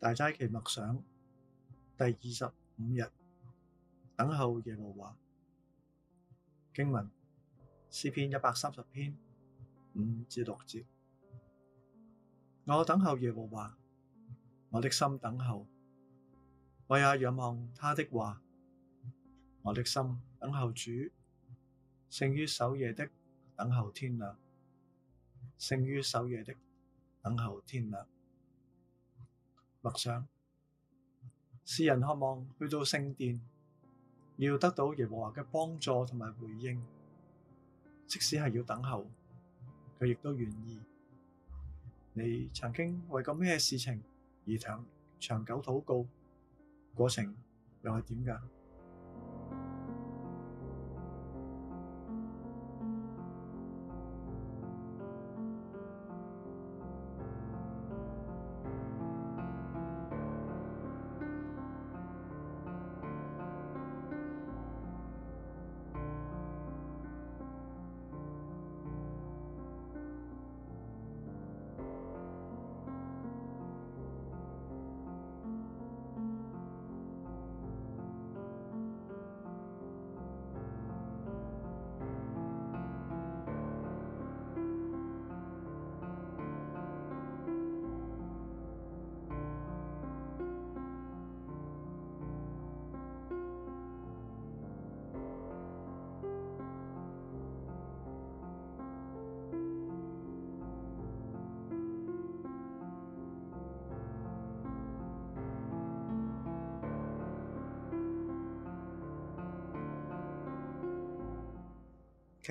大齋期默想第二十五日，等候耶和華。經文詩篇一百三十篇五至六節。我等候耶和華，我的心等候，我也仰望他的話。我的心等候主，勝於守夜的等候天亮，勝於守夜的等候天亮。默想，詩人渴望去到聖殿，要得到耶和華嘅幫助同埋回應，即使係要等候，佢亦都願意。你曾經為過咩事情而長長久禱告？過程又係點㗎？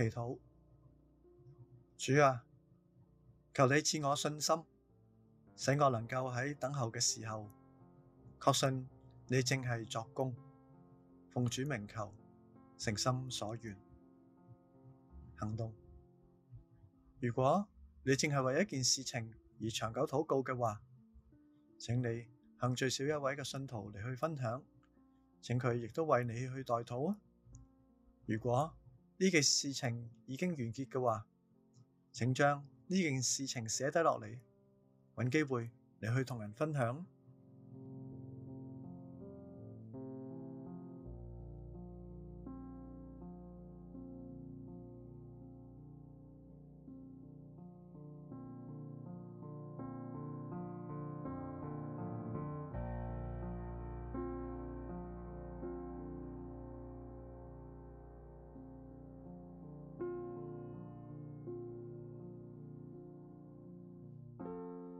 祈禱，主啊，求你賜我信心，使我能夠喺等候嘅時候，確信你正係作工，奉主名求，誠心所願。行動。如果你正係為一件事情而長久禱告嘅話，請你向最少一位嘅信徒嚟去分享，請佢亦都為你去代禱啊！如果，呢件事情已經完結嘅話，請將呢件事情寫低落嚟，揾機會嚟去同人分享。